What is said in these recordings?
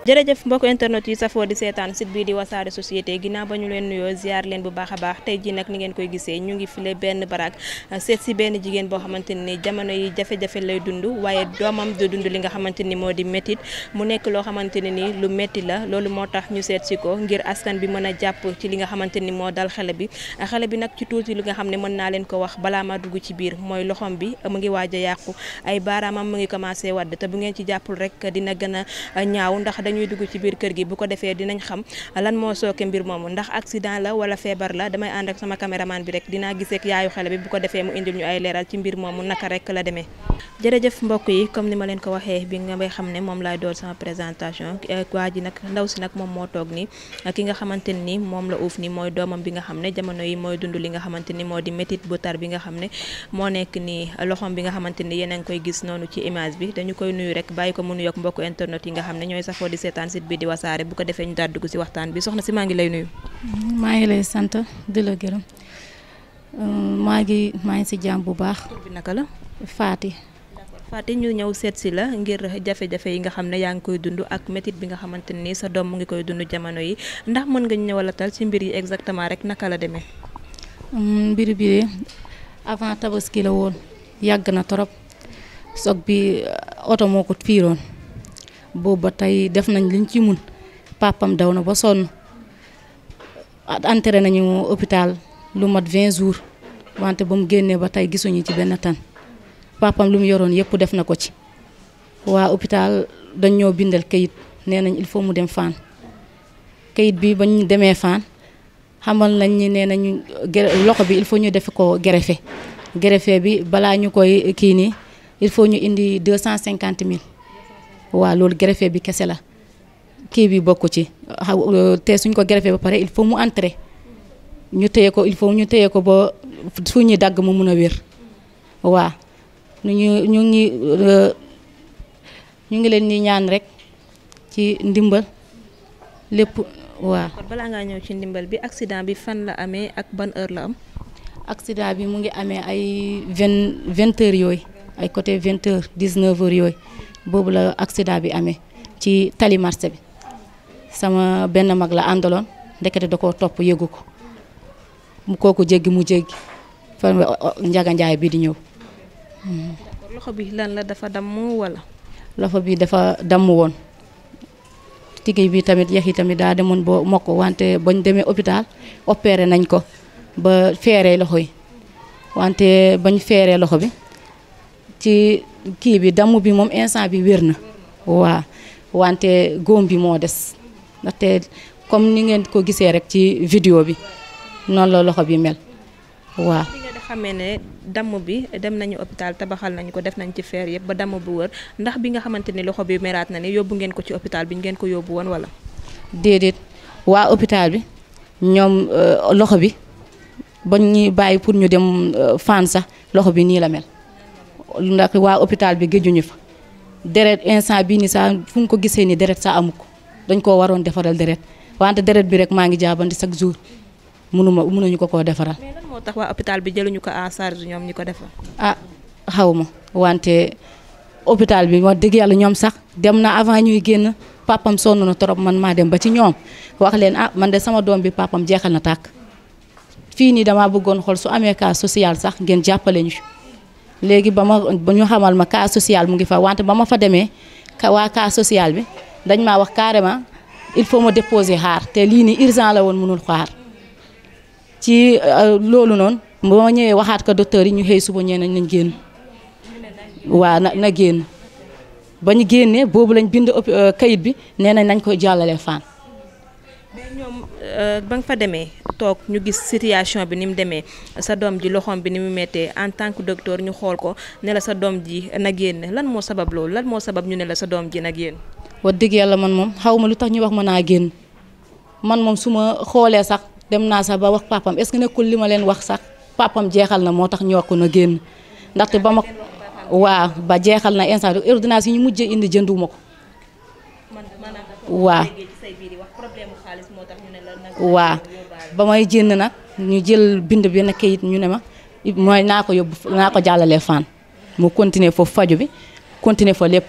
jërëjëf mbokk internet yi safoo di seetaan site bii di wasaare société ginnaaw ba ñu leen nuyoo ziar leen bu baaxa a baax tey jii nag ni ngeen ko gisee ñu ngi file benn baraag seet si benn jigéen boo xamante ni jamono yi jafe-jafe lay dund waaye doomam du dund li nga xamante ni moo di métit mu nekk loo xamante ne ni lu métti la loolu moo tax ñu seet si ko ngir askan bi mën a jàpp ci li nga xamante ni moo dal xale bi xale bi nag ci tuuti li nga xam ne mën naa leen ko wax balaa ma dugg ci biir mooy loxom bi mu ngi waaj a yàqu ay baaraamam mu ngi commencé wadd te bu ngeen ci jàppul rek dina gën a ñaaw ndax ñuy dugg ci biir kër gi bu ko defee dinañ xam lan moo sooke mbir moomu ndax accident la wala feebar la damay ànd ak sama caméraman bi rek dinaa gise ak yaayu xale bi bu ko defee mu indil ñu ay leeral ci mbir moomu naka rek la demee jërëjëf mbokk yi comme ni ma leen ko waxee bi nga may xam ne moom lay door sama présentation eh, waa ji nag ndaw si nag moom moo toog ni ki nga xamante nii moom la uuf nii mooy doomam bi nga xam ne jamono yi mooy dund li nga xamante ni moo di métit bu bi nga xam ne moo nekk nii loxoom bi nga xamante ni yéen a ngi koy gis noonu ci image bi dañu koy nuyu rek bàyyi ko mu nuyoog mbokk internet yi nga xam ne ñooy safoo di seetaan site bi di wasaare bu ko defee ñu daal dugg si waxtaan bi soxna si maa ngi lay nuyu maa ngi lay sant di la gërëm euh, ngi maa ngi si jàmm bu baax naka la Faati Faty ñu ñëw seet si la ngir jafe-jafe yi nga xam ne yaa ngi koy dund ak métit bi nga xamante ni sa doom mu ngi koy dund jamono yi ndax mën nga ñëwalatal ci mbir yi exactement rek naka la demee. Mm, mbir bi avant tabaski la woon yàgg na torop soog bi uh, oto moo ko fiiroon boobu ba tey def nañ liñ ci mun papam daw na ba sonn entré nañu hôpital lu mat 20 jours wante ba mu génnee ba tey gisuñu ci benn tan papam lu mu yoroon yëpp def na ko ci waa hôpital dañ ñoo bindal kayit nee nañ il faut mu dem Fann kayit bi bañ demee Fann xamal nañ ni nee nañu loxo bi il faut ñu def ko grafe greffe bi balaa ñu koy kii nii il faut ñu indi deux cent cinquante mille waaw loolu grafe bi kese la kii bi bokk ci te suñ ko greffe ba pare il faut mu entrer ñu téye ko il faut ñu téye ko ba fu ñuy dagg mu mun a wér waaw ñu ñu ngi ñu ngi euh, leen ñi ñaan rek ci ndimbal lépp waa kon balaa ngaa ñëw ci ndimbal bi accident bi fan la amee ak ban heure la am. accident bi mu ngi amee ay vingt vingt heures yooyu ay côté vingt heures dix yooyu boobu la accident bi amee ci tali marché bi sama benn mag la àndaloon ndekete da ko topp yëgu ko mu kooku jéggi mu jéggi fan njaganjaay bi di ñëw. d'accord loxo bi lan la dafa damm wala. loxo bi dafa damm woon tigéey bi tamit yax yi tamit daa demoon ba mokk wante bañ demee hôpital opéré nañ ko ba feeree loxo yi wante bañ feeree loxo bi ci kii bi damm bi moom instant bi wér na waaw wante góom bi moo des ndaxte comme ni ngeen ko gisee rek ci vidéo bi noonu la loxo bi mel waaw. xamee ne damm bi dem nañu hôpital tabaxal nañu ko def nañ ci feer yëpp ba damm bu wër ndax bi nga xamante ni loxo bi meraat na ni yóbbu ngeen ko ci hôpital bi ngeen ko yóbbu woon wala. déedéet waa hôpital bi ñoom euh, loxo bi ba ñuy bàyyi pour ñu dem euh, fan sax loxo bi nii la mel ndax waa hôpital bi géjuñu fa deret instant bii nii sax fu ñu ko gisee ni deret sax amu ko dañ koo waroon defaral deret wante deret bi rek maa ngi jaabandi chaque jour. mënuma mënuñu ko koo defaral. moo tax waa hôpital bi jëluñu ko en charge ñoom ñu ko defar. ah xaw ma wante hôpital bi wax dëgg yàlla ñoom sax dem na avant ñuy génn papam sonn na trop man maa dem ba ci ñoom wax leen ah man de sama doom bi papam jeexal na tàkk fii nii damaa bëggoon xool su amee cas social sax ngeen jàppale ñu léegi ba ma ba ñu xamal ma cas social mu ngi fa wante ba ma fa demee ka waa cas social bi dañ maa wax carrément il faut ma déposer xaar te lii nii urgent la woon mënul xaar. ci euh, loolu noonu boo ñëwee waxaat ko docteur yi ñu xëy suba ñee nañ nañ génn waa na na génn ba ñu génnee boobu lañ bind euh, kayit bi nee nañ nañ koy jàllale fan mais ñoom euh, ba nga fa demee toog ñu gis situation bi ni mu demee sa doom ji loxoom bi ni mu méttee en tant que docteur ñu xool ko nela sa doom ji na génn lan moo sabab loolu lan moo sabab ñu ne la sa doom ji na génn. wax dëgg yàlla man moom xaw ma lu tax ñu wax ma naa génn man moom su ma xoolee sax. dem naa sax ba wax papam est-ce que nekkul li ma leen wax sax papam jeexal na moo tax ñu ñokk na génn ndaxte ba ma waa ba jeexal na instant ordonnance yi ñu mujjee indi jënduma ko waaw waa ba may jënd nag ñu jël bind bi na kayit ñu ne ma mooy naa ko yóbbu naa ko jàllalee fan mu continuer foofu faju bi continuer foo lépp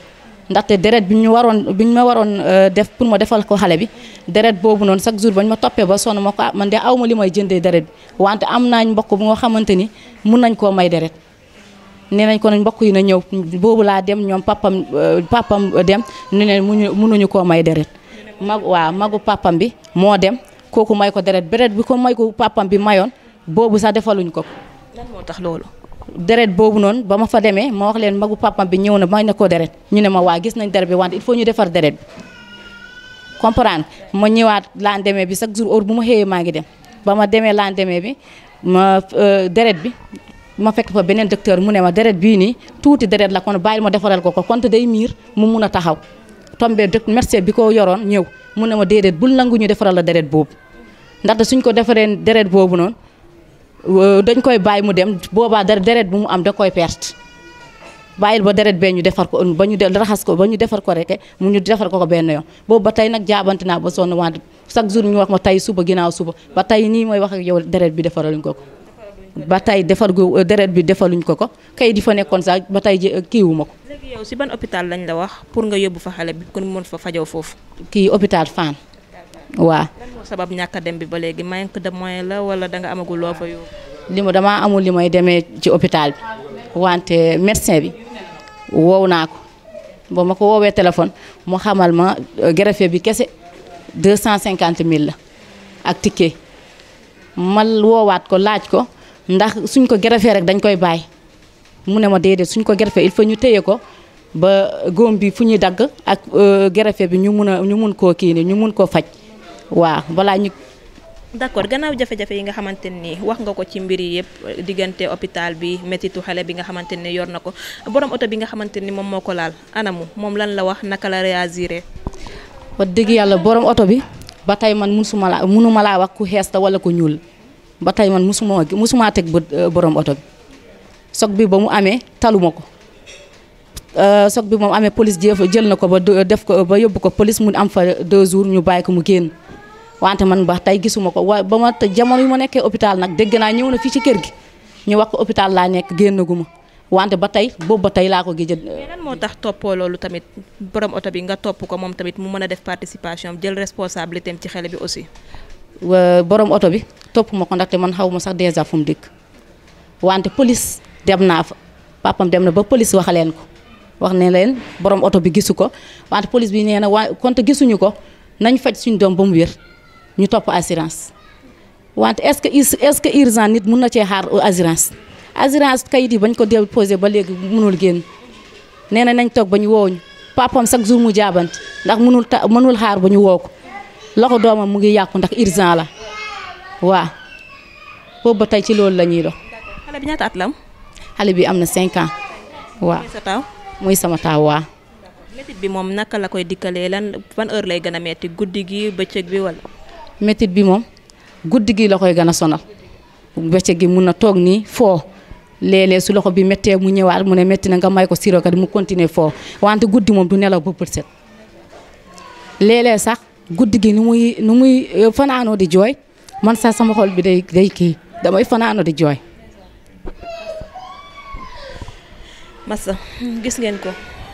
ndaxte deret bi ñu waroon bi ñu ma waroon euh, def pour ma defal ko xale bi deret boobu noonu chaque jour bañ ma toppee ba sonn ma ko ah, man de aw ma li may jëndee deret bi wante am naañ mbokk bu nga xamante ni mun nañ koo may deret nee nañ ko nañ mbokk yi na ñëw boobu laa dem ñoom papam euh, papam dem ne ne munuñu koo may deret mag waaw magu papam bi moo dem kooku may ko deret deret bi ko may ko papam bi mayoon boobu sax defaluñ ko moo tax loolu deret boobu noonu ba ma fa demee ma wax leen magu papam bi ñëw na may ne ko deret ñu ne ma waa gis nañ deret bi wante il faut ñu defar deret bi comprendre ma ñëwaat lendemain bi chaque jour heure bu ma xëyee maa ngi dem ba ma demee lendemain bi ma euh, deret bi ma fekk fa beneen docteur mu ne ma deret bii nii tuuti deret la kon bàyyil ma defaral ko ko kon day miir mu mun a taxaw tombé dëkk médecin bi ko yoroon ñëw mu ne ma déedéet bul nangu ñu defaral la deret boobu ndaxte suñ ko defaree deret boobu noonu Euh, dañ koy bàyyi mu dem boobaa deret bu mu am da koy perte bàyyil ba deret bee ñu defar ko ba ñu raxas ko ba ñu defar ko rek mu ñu defar ko ko benn yoon boobu ba tey nag jaabante naa ba sonn wante chaque jour ñu wax ma tey suba ginnaaw suba ba tey nii mooy wax ak yow deret bi defaraluñ ko ko. ba tey defar gu euh, deret bi defaluñ ko ko kay di fa nekkoon sax ba tey kiiwuma ko. léegi si ban hôpital lañ la wax pour nga yóbbu fa xale bi kon mën fa fajoo foofu. kii hôpital Fann. waaw. lan moo sabab ñàkk dem bi ba léegi manque de moyen la wala danga nga loo fa yóbbu. li ma damaa amul li may demee ci hôpital bi wante médecin bi wow naa ko ba ma ko woowee téléphone mu xamal ma euh, greffier bi kese deux cent cinquante mille la ak ticket ma woowaat ko laaj ko ndax suñ ko greffé rek dañ koy bàyyi mu ne ma déedéet suñ ko greffé il faut ñu téye ko ba góom bi fu ñuy dagg ak euh, greffé bi ñu mun a ñu mun koo kii nii ñu mun koo faj. waaw balaa ñu. d'accord gannaaw jafe-jafe yi nga xamante nii wax nga ko ci mbir yi yëpp diggante hôpital bi métitu xale bi nga xamante ni yor na ko borom oto bi nga xamante ni moom moo ko laal anamu moom lan la wax naka la réagiré. wax dëgg yàlla borom oto bi ba tey man musuma laa laa wax ku xees wala ku ñuul ba tey man musuma musumaa teg bët euh, borom oto bi soog bi ba mu amee taluma ko. soog euh, bi moom amee police jël na ko ba def ko ba yóbbu ko police mu am fa deux jours ñu bàyyi ko mu génn wante man ba tey gisuma ko wa ba ma jamono yu ma nekkee hôpital nag dégg naa ñëw na fii ci kër gi ñu wax ko hôpital laa nekk ma wante ba tey boobu ba tey laa ko gëj mais moo tax toppoo tamit borom oto bi nga topp ko moom tamit mu mën a def participation jël responsabilité ci xale bi aussi. borom oto bi topp ko ndaxte man xaw ma sax déjà fu mu dikk wante police dem naa fa papam dem na ba police wax leen ko wax ne leen borom oto bi gisu ko wante police bi nee na waa konte gisuñu ko nañ faj suñu doom ba mu wér. ñu topp assurance wante est-ce que est-ce que urgent nit mun na cee xaar assurance assurance kayit yi bañ ko déposé ba léegi munul génn nee na nañ toog ba ñu wooñu papam chaque jour mu jaabante ndax mënul ta mënul xaar ba ñu woo ko loxo doomam mu ngi yàqu ndax urgent la waaw boobu ba tey ci loolu la ñuy dox. xale bi ñaata at bi am na 5 waaw muy sa taaw sama taaw waaw. bi moom naka la koy dikkalee lan ban heure lay gën a metti guddi gi bëccëg bi wala. métit bi moom guddi gi loxo yi gën a sonal bëccëg gi mun na toog nii foo léeg-léeg su loxo bi méttee mu ñëwaat mu ne métti na nga may ko sirokat mu continuer foo wante guddi moom du nelaw ba bët set léeg sax guddi gi nu muy nu muy euh, fanaanoo di jooy man sax sama xol bi day day kii damay fanaanoo di jooy. Massa gis ngeen ko.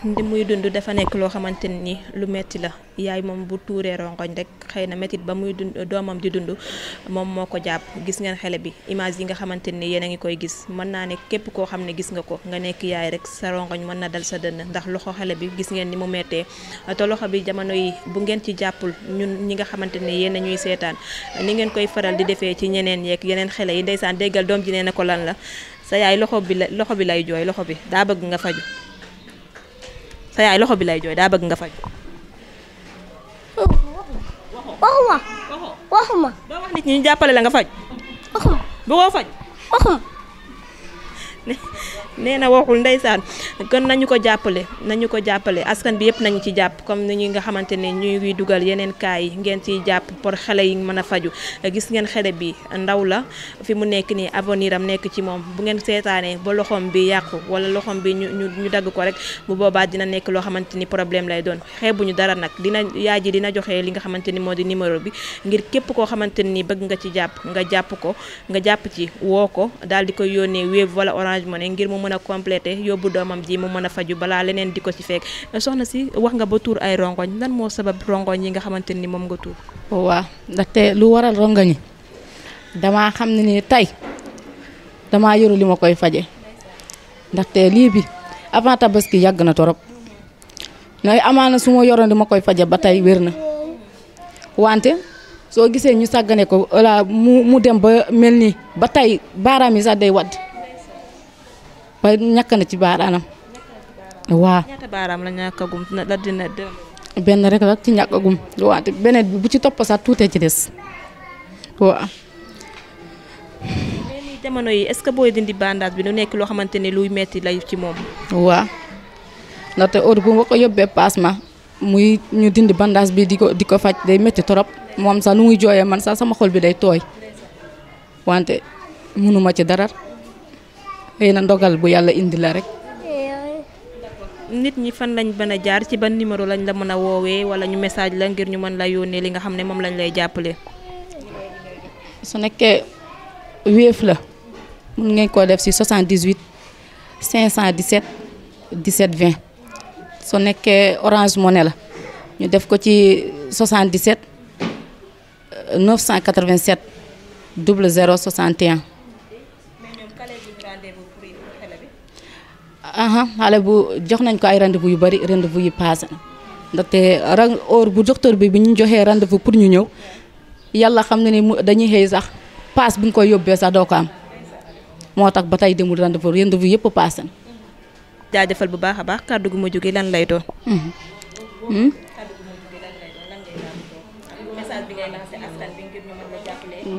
ndi muy dund dafa nekk loo xamante ni lu metti la yaay moom bu tuuree rongoñ rek xëy na métit ba muy dund doomam di dund moom moo ko jàpp gis ngeen xele bi image yi nga xamante ni yéen a ngi koy gis mën naa ne képp koo xam ne gis nga ko nga nekk yaay rek sa rongoñ mën na dal sa dënn ndax loxo xele bi gis ngeen ni mu mettee te loxo bi jamono yi bu ngeen jàppul ñun ñi nga xamante ni yéen a ñuy seetaan ni ngeen koy faral di defee ci ñeneen yeeg yeneen xele yi ndeysaan déggal doom ji nee na ko lan la sa yaay loxo bi la loxo bi lay jooy loxo bi daa bëgg nga faju sa yaay loxo bi lay jooy daa bëgg nga faj. waxuma waxuma. doo wax nit ñi ñu jàppale la nga faj. waxuma bu ko faj. waxuma. nee na waxul ndeysaan kon nañu ko jàppale nañu ko jàppale askan bi yëpp nañu ci jàpp comme ni ñi nga xamante ne ñu dugal yeneen cas yi ngeen ciy jàpp pour xale yi mën a faju gis ngeen xale bi ndaw la fi mu nekk nii avenir am nekk ci moom bu ngeen seetaanee ba loxoom bi yàqu wala loxoom bi ñu ñu dagg ko rek bu boobaa dina nekk loo xamante ni problème lay doon ñu dara nag dina yaay ji dina joxe li nga xamante ni moo di numéro bi ngir képp koo xamante ni bëgg nga ci jàpp nga jàpp ko nga jàpp ci orange money ngir mu mën a complété yóbbu doomam ji mu mën a faju balaa leneen di ko ci fekk soxna si wax nga ba tuur ay rongoñ lan moo sabab rongoñ yi nga xamante ni moom nga tuur oh, waaw ndaxte lu waral rongoñ yi damaa xam ne ni tey damaa yoru li ma koy faje ndaxte lii bi avant tabaski yàgg na torop nooy amaana su ma yoroon di ma koy faje ba tey wér na wante soo gisee ñu sàggane ko walla mu mu dem ba mel nii ba tey baaraam yi sax day wadd ba ñàkk na ci baaraanam. waaw baaraam la ñàkkagum la benn rek la ci ñàkkagum beneen bi bu ci topp sax tuutee ci des waaw. yi est-ce que booy dindi bandage bi du nekk loo xamante ne luy metti lay ci moom. waaw ndaxte heure bu nga ko yóbbee paas ma muy ñu dindi bandage bi di ko di ko faj day metti torop moom sax lu muy jooyee man sax sama xol bi day tooy wante mënuma ci dara. xëy na ndogal bu yàlla indi la rek. nit ñi fan lañ mën a jaar ci ban numéro lañ la mën a woowee wala ñu message la ngir ñu mën la yónnee li nga xam ne moom lañ lay jàppale. su nekkee wéef la mun ngeen koo def si 78 517 17 20 su nekkee orange money la ñu def ko ci 77 987 00 61. aha xale bu jox nañ ko ay rendez-vous yu bari rendez-vous yi passé na ndaxte rang heure bu docteur bi bi ñu joxee rendez-vous pour ñu ñëw yàlla xam ne ni dañuy xëy sax paas bi ñu koy yóbbee sax doo ko am moo tax ba tey demul rendez-vous rendez-vous yëpp passé na jaajëfal bu baax a baax kàddu gu mujj gi lan lay doon hmm. Hmm? message bi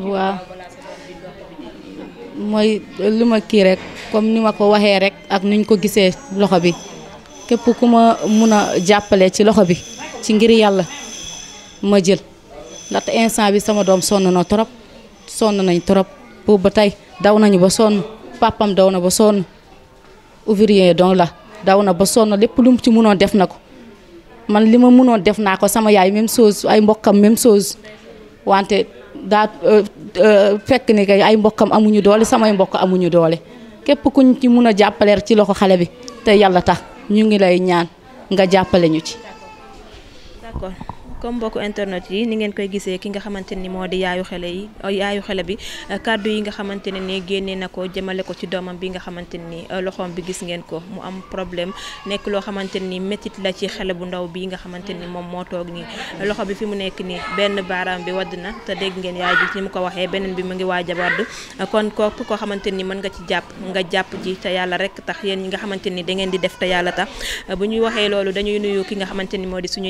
mooy li ma kii rek comme ni ma ko waxee rek ak nuñ ko gisee loxo bi képp ku ma mun a jàppale ci loxo bi ci ngir yàlla ma jël ndaxte instant bi sama doom sonn na trop sonn nañ trop boobu ba tey daw nañu ba sonn papam daw na ba sonn ouvrier donc la daw na ba sonn lépp lu ci munoon def na ko. man li ma mënoon def naa ko sama yaay même chose ay mbokkam même chose wante daa euh, euh, fekk ni kay ay mbokkam amuñu doole samay mbokk amuñu doole képp kuñ ci mun a jàppaleer ci loxo xale bi te yàlla tax ñu ngi lay ñaan nga jàppale ñu ci comme mbokku internet yi ni ngeen koy gisee ki nga xamante ni moo di yaayu xale yi yaayu xale bi kàddu yi nga xamante ne ni génnee na ko jëmale ko ci doomam bi nga xamante ni euh, loxoom bi gis ngeen ko mu am problème nekk loo xamante ni métit la ci xele bu ndaw bi nga xamante ni moom moo toog nii loxo bi fi mu nekk nii benn baaraam bi wadd na te dégg ngeen yaay ji ni mu ko waxee beneen bi mu ngi waaj a wadd kon kooku koo xamante ni mën nga ci jàpp nga jàpp ji te yàlla rek tax yéen ñi nga xamante ni da ngeen di def te yàlla tax bu ñuy waxee loolu dañuy nuyu ki ni moo di suñu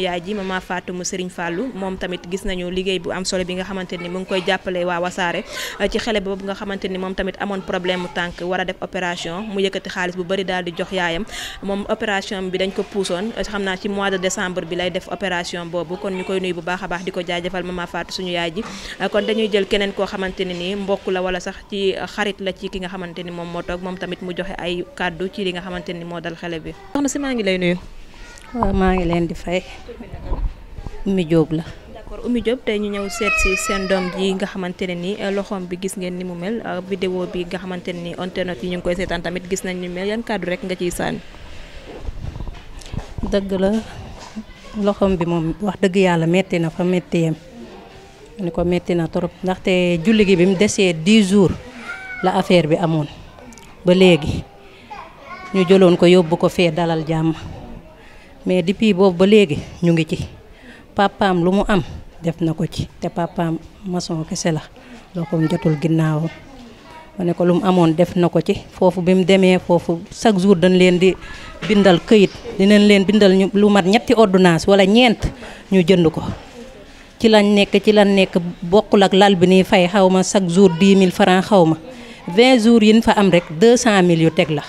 Serigne Fallou moom tamit gis nañu liggéey bu am solo bi nga xamante ni mu ngi koy jàppale waa wasaare eh, ci boobu nga xamante ni moom tamit amoon problème mu tànk war a def opération mu yëkkati xaalis bu bëri daal di jox yaayam moom opération bi dañ ko puusoon eh, xam naa ci mois de décembre bi lay def opération boobu kon ñu koy nuyu bu baax a baax di ko jaajëfal mama Fatou suñu yaay ji eh, kon dañuy jël keneen koo xamante ne ni mbokk la wala sax ci xarit la ci ki nga xamante ni moom moo toog moom tamit mu joxe ay kàddu ci li nga xamante ni moo dal xale bi soxna si maa ngi lay nuyu leen di fay Oumy Diop la. d'accord Oumy Diop tey ñu ñëw seet si seen doom ji nga xamante ne ni eh, loxoom bi gis ngeen ni mu mel ah, vidéo bi nga xamante ne ni internet yi ñu ngi koy seetaan tamit gis nañ ni mel yan kàddu rek nga ciy sànni. dëgg la loxoom bi moom wax dëgg yàlla metti na fa metti yem ni ko metti na trop ndaxte julli gi bi mu desee 10 jours la affaire bi amoon ba léegi ñu jëloon ko yóbbu ko fee dalal jàmm mais depuis boobu ba léegi ñu ngi ci. papaam lu mu am def na ko ci te papaam maçon kese la loxoom jotul ginnaawam ma ne ko lu mu amoon def na ko ci foofu bi mu demee foofu chaque jour dañ leen di bindal këyit dinañ leen bindal ñu lu mat ñetti ordonnance wala ñeent ñu jënd ko ci lañ nekk ci lañ nekk bokkul ak lal bi nii fay xaw ma chaque jour 10 mille francs xaw ma 20 jours yin fa am rek 200 000 yu teg la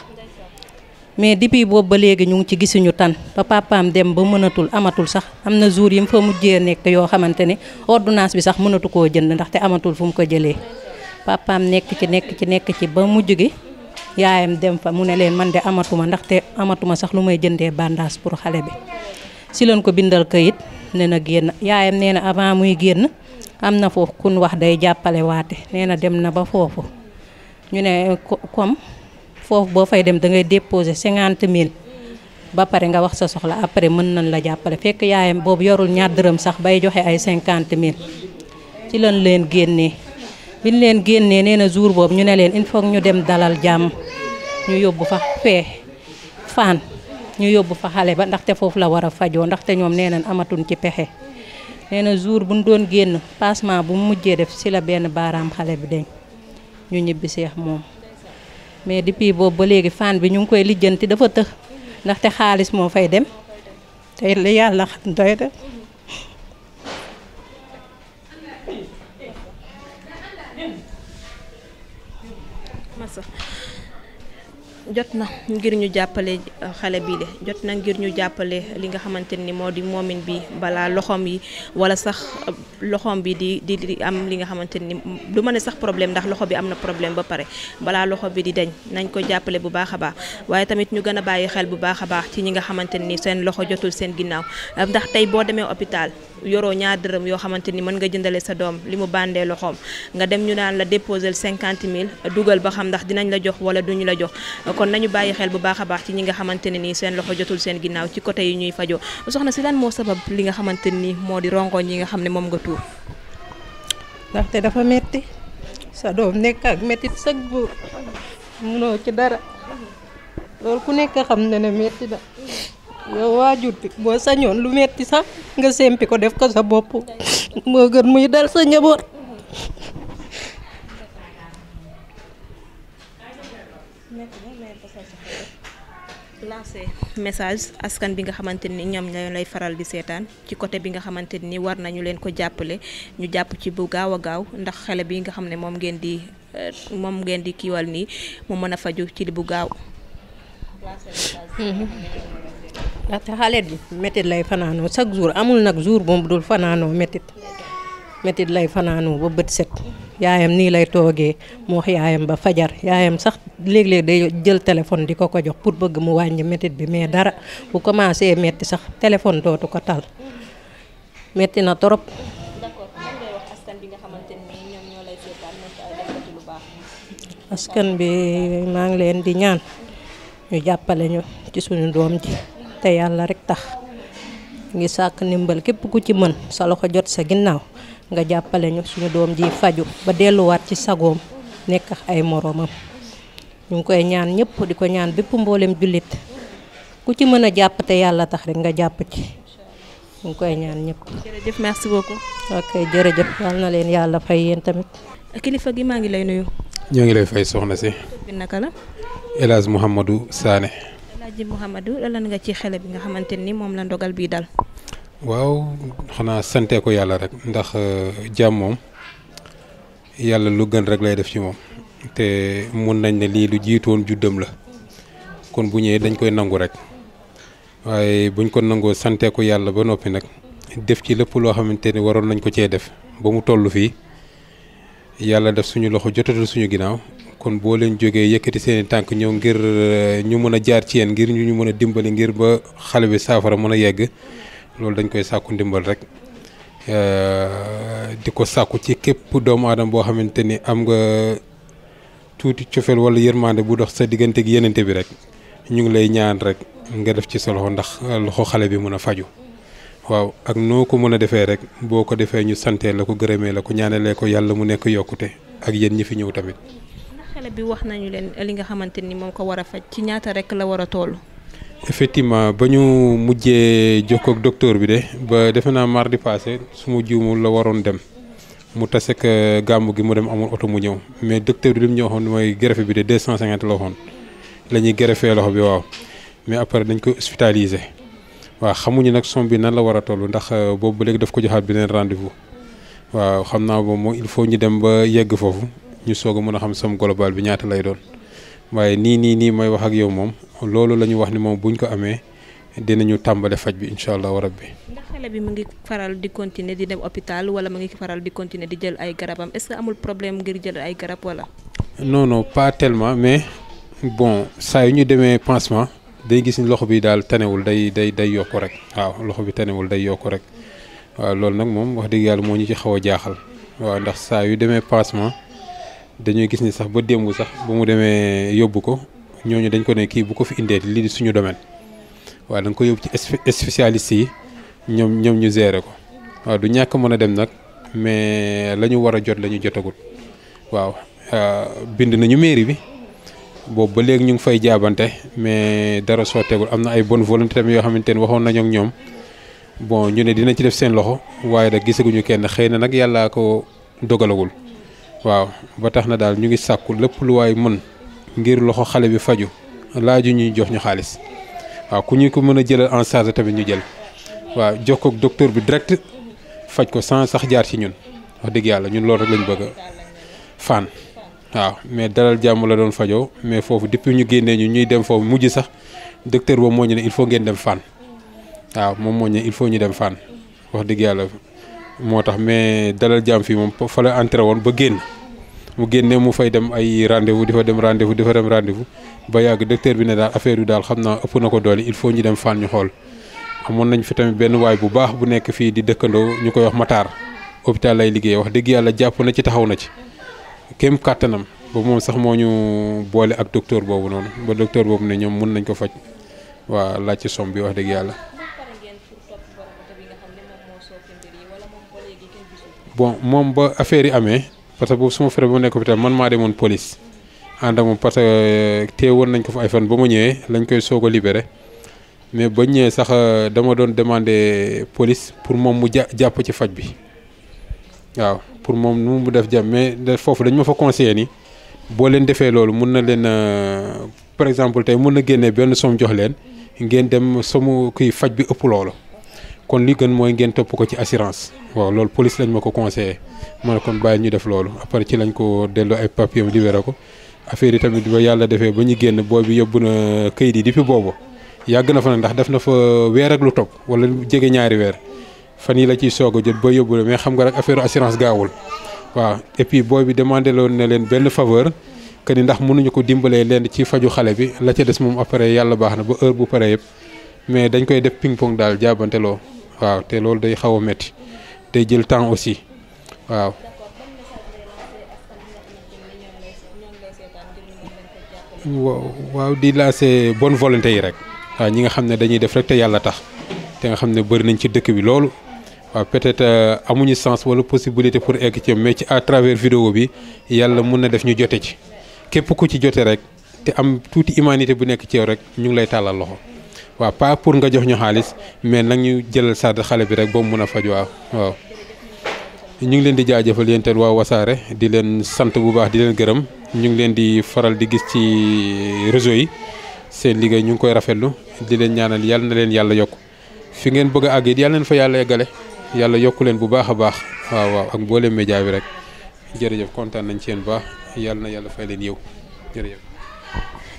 mais depuis boobu ba léegi ñu ngi ci gisuñu tan ba papaam dem ba mënatul amatul sax am na jour yi mu fa mujjee nekk yoo xamante ne ordonnance bi sax mënatu koo jënd ndaxte amatul fu mu ko jëlee papaam nekk ci nekk ci nekk ci ba mujj gi yaayam dem fa mu ne leen man de amatuma ndaxte amatuma sax lu may jëndee bandage pour xale bi si leen ko bindal kayit ne na génn yaayam nee na avant muy génn am na foofu kun wax day jàppale waate nee na dem na ba foofu ñu ne comme foofu boo fay dem da ngay déposer cinquante mille ba pare nga wax sa soxla après mën nañ la jàppale fekk yaayam boobu yorul ñaar dërëm sax bay joxe ay cinquante mille ci lañ leen génnee biñ leen génnee nee na jour boobu ñu ne leen il faut ñu dem dalal jàmm ñu yóbbu fa fee ñu yóbbu fa xale ba ndaxte foofu la war a fajoo ndaxte ñoom nee nañ amatuñ ci pexe nee na jour bu ñu doon génn passement bu mu mujjee def si la benn baaraam xale bi deñ ñu ñibbi seex moom mais depuis boobu ba léegi fan bi ñu ngi koy lijjanti dafa tëx ndaxte xaalis moo fay dem te li yàlla xam doy na jot na ngir ñu jàppale euh, xale bi le jot na ngir ñu jàppale li nga xamante ni moo di moomin bi balaa loxoom yi wala sax euh, loxoom bi di di di am li nga xamante ni du ma ne sax problème ndax loxo bi am na problème ba pare balaa loxo bi di deñ nañ ko jàppale bu baax a baax waaye tamit ñu gën a bàyyi xel bu baax a baax ci ñi nga xamante ni seen loxo jotul seen ginnaaw euh, ndax tey boo demee hôpital yoroo ñaar dërëm yoo xamante ni mën nga jëndale sa doom li mu bàndee loxoom nga dem ñu naan la déposer cinquante mille dugal ba xam dinañ la jox wala duñu la jox kon nañu bàyyi xel bu baaxa baax ci ñi nga xamante ne nii seen loxo jotul seen ginnaaw ci côté yi ñuy fajoo soxna si lan moo sabab li nga xamante ni moo di rongoñ yi nga xam ne moom nga tuur. dafa metti sa doom nekk ak metti sag ci dara loolu ku nekk xam ne ne metti na yow waajur lu metti sax nga sempi ko def ko sa bopp moo gën muy dal sa njaboot. lancé message askan bi nga xamante ni ñoom ñoo lay faral di seetaan ci côté bi nga xamante ni war nañu leen ko jàppale ñu jàpp ci bu gaaw a gaaw ndax xale bi nga xam ne moom ngeen di euh, moom ngeen di kiiwal nii mu mën a faju ci bu gaaw. Mhm. ndaxte xale bi métit lay fanaanoo chaque jour amul nag jour boobu dul fanaanoo métit metit lay fanaanoo ba bët set. yaayam nii lay toogee mu wax yaayam ba fajar yaayam sax léeg-léeg day jël téléphone di ko ko jox pour bëgg mu wàññi métit bi mais dara bu commencé metti sax téléphone dootu ko tal metti na trop. d'accord askan bi nga maa ngi leen di ñaan ñu jàppale ñu ci suñu doom ji te yàlla rekk tax ngi sàkk ndimbal képp ku ci mën sa loxo jot sa ginnaaw. nga jàppale ñu suñu doom ji faju ba delluwaat ci sagoom nekk ay moroomam ñu ngi koy ñaan ñëpp di ko ñaan bépp mboolem jullit ku ci mën a jàpp te yàlla tax rekk nga jàpp ci ñu ngi koy ñaan ñëpp. jërëjëf merci beaucoup. ok jërëjëf yal na leen yàlla fay yéen tamit. kilifa gi maa ngi lay nuyu. ñoo ngi lay fay soxna si. bi naka la. El Hadj Mouhamadou Sané. El Hadj Mouhamadou lan nga ci xele bi nga xamante ni moom la ndogal bii dal. waaw xanaa sante ko yàlla rek ndax euh, jàmm moom yàlla lu gën rek lay def ci moom te mun nañ ne lii lu jiitoon juddam la kon bu ñëwee dañ koy nangu rek waaye buñ ko nangoo sante ko yàlla ba noppi nag def ci lépp loo xamante ni waroon nañ ko cee def ba mu toll fii yàlla def suñu loxo jotatul suñu ginnaaw kon boo leen jógee yëkkati seen tànk ñëw ngir euh, ñu mën a jaar ci yéen ngir ñu ñu mën a dimbali ngir ba xale bi saafara mën a yegg loolu dañ koy sàkku ndimbal rek euh, di ko sàkku ci képp doomu adama boo xamante ni am nga tuuti cofeel wala yërmande bu dox sa diggante gi yenente bi rek ñu ngi lay ñaan rek nga def ci sa loxo ndax loxo xale bi mën a faju waaw ak noo ko mën a defee rek boo ko defee ñu santee la ko gërëmee la ko ñaanee ñaanalee ko yàlla mu nekk yokkute ak yéen ñi fi ñëw tamit xale bi wax nañu leen li nga xamante ni moom ko war a faj ci ñaata rek la war a toll effectivement ba ñu mujjee jokkoo ak docteur bi de ba defe naa mardi passé su ma juumul la waroon dem mu tase ak euh, gàmmu gi mu dem amul oto mu ñëw mais docteur bi li mu ñu waxoon mooy greffe bi de 250 la waxoon la ñuy greffee loxo bi waaw mais après dañ ko hospitalisé waaw xamuñu nag som bi nan la war a tollu ndax euh, boobu ba léegi daf ko joxaat beneen rendez-vous waaw xam naa boobu moom il faut ñu dem ba yegg foofu ñu soog a mën a xam sam global bi ñaata lay doon waaye nii nii nii may wax ak yow moom. loolu la ñu wax ni moom bu ñu ko amee dinañu tàmbale faj bi incha allahu rabbi. ndax xale bi mu ngi faral di continuer di dem hôpital wala mu ngi faral di continuer di jël ay garabam est-ce que amul problème ngir jël ay garab wala. non non pas tellement mais bon saa yu ñu demee pansement day gis loxo bi daal tanewul day day day yokk rek waaw loxo bi tanewul day yokk rek waaw loolu nag moom wax dëgg yàlla moo ñu ci xaw a jaaxal waaw ndax saa yu demee pansement dañuy gis ni sax ba démb sax ba mu demee yóbbu ko. ñooñu dañ ko ne kii bu ko fi indee lii di suñu domaine waa da nga ko yóbbu ci spécialiste yi ñoom ñoom ñu gérer ko waaw du ñàkk mën a dem nag mais la ñu war a jot la ñu jotagul waaw euh, bind nañu mairie bi boobu ba léegi ñu ngi fay jaabante mais dara sotteegul am na ay bonne volonté tamit yoo xamante ne waxoon nañu ñoom bon ñu ne dina ci def seen loxo waaye nag gisaguñu kenn xëy na nag yàllaa ko dogalagul waaw ba tax na daal ñu ngi sàkku lépp lu waay mën ngir loxo xale bi faju laaju ñuy jox ñu xaalis waaw ku ñu ko mën a jëlal en charge tamit ñu jël waaw jox ko docteur bi direct faj ko san sax jaar ci ñun wax dëgg yàlla ñun loolu rek lañ bëgg a faan waaw mais dalal jàmm la doon fajoo mais foofu depuis ñu génnee ñu ñuy dem foofu mujj sax docteur boobu moo ñu ne il faut ngeen dem faan waaw moom moo ñu ne il faut ñu dem faan wax dëgg yàlla moo tax mais dalal jàmm fii moom fa la entré woon ba génn. mu génne mu fay dem ay rendez-vous di fa dem rendez-vous di fa dem rendez-vous ba yàgg docteur bi ne daal affaire yu daal xam naa ëpp na ko doole il faut ñu dem fan ñu xool amoon nañ fi tamit benn waay bu baax bu nekk fii di dëkkandoo ñu koy wax Matar hôpital lay liggéey wax dëgg yàlla jàpp na ci taxaw na ci kéem kàttanam ba moom sax moo ñu boole ak docteur boobu noonu ba docteur boobu ne ñoom mën nañ ko faj waa laaj ci som bi wax dëgg yàlla bon moom ba affaire yi amee parce que boobu suma frère bu nekk hôpital man maa demoon police ànd ak moom parce que euh, woon nañ ko fa ay fan ba ma ñëwee lañ koy soog a libéré mais ba ñëwee sax euh, dama doon demandé police pour moom mu ja jàpp ci faj bi waaw pour moom nu mu def jàpp mais foofu dañ ma fa conseillé nii boo leen defee loolu mun na leen euh, par exemple tey mun na génnee benn som jox leen ngeen dem somu kuy faj bi ëpp loolu. kon li gën mooy ngeen topp ko ci assurance waaw loolu police lañ ma ko conseillé ma ne kon bàyyi ñu def loolu après ci lañ ko delloo ay papier mu libéré ko affaire yi tamit ba yàlla defee ba ñu génn booy bi yóbbu na kayit yi di fi boobu yàgg na fa nag ndax def na fa weer ak lu topp wala jege ñaari weer fan yi la ciy soog a jot ba yóbbu la mais xam nga rek affaire assurance gaawul waa et booy bi demandé loon na leen benn faveur que ni ndax mënuñu ko dimbalee leen ci faju xale bi la ca des moom après yàlla baax na ba heure bu pare yëpp mais dañ koy def ping pong daal jaabanteloo waaw te loolu day xaw a métti day jël temps aussi waaw. waaw di lancé bonne volonté yi rek. waaw ñi nga xam ne dañuy def rek te yàlla tax te nga xam ne bëri nañ ci dëkk bi loolu. waaw peut-être euh, amuñu sens wala possibilité pour egg ci mais ci à travers vidéo bi yàlla mun na def ñu jote ci képp ku ci jote rek te am tuuti humanité bu nekk ci rek ñu ngi lay tàllal loxo. waaw pas pour nga jox ñu xaalis mais nag ñu jëlal sàdd xale bi rek ba mu mun a faj waaw ñu ngi leen di jaajëfal yéen tamit waa wasaare di leen sant bu baax di leen gërëm ñu ngi leen di faral di gis ci réseau yi seen liggéey ñu ngi koy rafetlu di leen ñaanal yàlla na leen yàlla yokk fi ngeen bëgg a àgg it yàlla leen fa yàlla eggale yàlla yokku leen bu baax a baax waaw waaw ak mboolem média bi rek jërëjëf kontaan nañ ci yéen baax yàlla na yàlla fay leen yow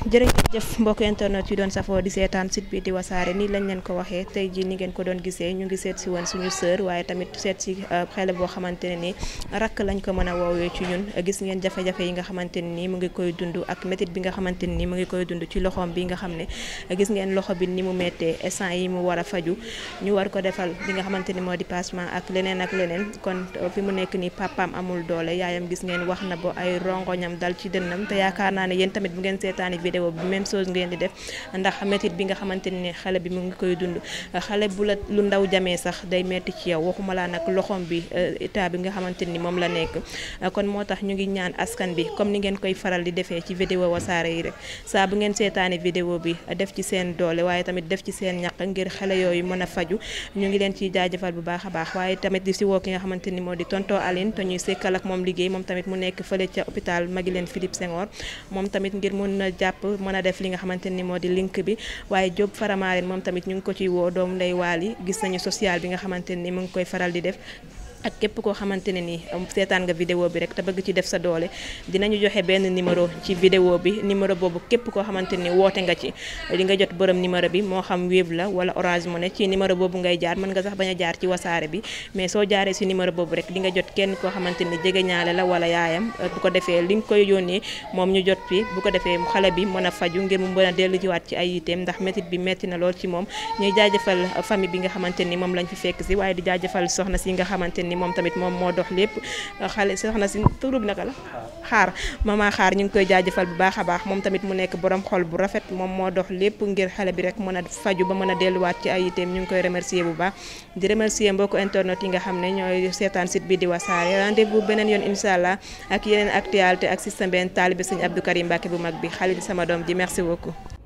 jërëjëf mbokk internet yu doon safoo di seetaan site bi di wasaare ni lañ leen ko waxee tey jii ni ngeen ko doon gisee ñu ngi seet si woon suñu sœur waaye tamit seet si euh, boo xamante ne ni rakk lañ ko mën a woowee ci ñun gis ngeen jafe yi nga xamante ne ni mu ngi koy dund ak métit bi nga xamante ne ni mu ngi koy dund ci loxoom bi nga xam ne gis ngeen loxo bi ni mu méttee essant yi mu war a faju ñu war ko defal li nga xamante ni moo di passement ak leneen ak leneen kon euh, fi mu nekk ni papaam amul doole yaayam gis ngeen wax na ba ay rongoñam dal ci dënnam vidéo bi même chose ngeen di def ndax métit bi nga xamante xale bi mu ngi koy dund xale bu la lu ndaw jamee sax day metti ci yow waxuma laa nag loxoom bi euh, état bi nga xamante ni moom la nekk kon moo tax ñu ngi ñaan askan bi comme ni ngeen koy faral di defee ci vidéo wasaare yi rek saa bu ngeen seetaane vidéo bi def ci seen doole waaye tamit def ci seen ñaq ngir xale yooyu mën a faju ñu ngi leen ciy jaajëfal bu baax a baax waaye tamit di si woo ki nga xamante ni moo di tonto Aline te ñuy sekkal moom liggéey moom tamit mu nekk fële ca hôpital Maguilène Philippe Senghor moom tamit jàpp mën a def li nga xamante ni moo di link bi waaye Diop Faramareen moom tamit ñu ngi ko ciy woo doom ndey waali gis nañu social bi nga xamante ni mu ngi koy faral di def ak képp koo xamante ne nii um, seetaan nga vidéo bi rek te bëgg ci def sa doole dinañu joxe benn numéro ci vidéo bi numéro boobu képp koo xamante ni woote nga ci li nga jot borom numéro bi moo xam Wave la wala Orange Money ci numéro boobu ngay jaar mën nga sax bañ a jaar ci wasaare bi mais soo jaaree si numéro boobu rek di nga jot kenn koo xamante ni jege ñaale la wala yaayam uh, ko defee li nga koy yónnee moom ñu jot fi bu ko defee xale bi mën a faju ngir mu mën a dellu jiwaat ci ay yiteem ndax métit bi metti na lool ci moom ñuy jaajëfal uh, famille bi nga xamante ni moom lañ fi fekk si waaye di jaajëfal soxna si nga xamante ni ni moom tamit moom moo dox lépp xale soxna si turu bi naka la xaar mama xaar ñu ngi koy jaajëfal bu baax a baax moom tamit mu nekk borom xol bu rafet moom moo dox lépp ngir xale bi rek mën a faju ba mën a delluwaat ci ay itam ñu ngi koy remercier bu baax di remercier mbokku internet yi nga xam ne ñooy seetaan site bi di wasaare rendez-vous beneen yoon incha ak yeneen actualité ak si benn taalibe sëñ Abdou Karim Mbacke bu mag bi xale di sama doom ji merci beaucoup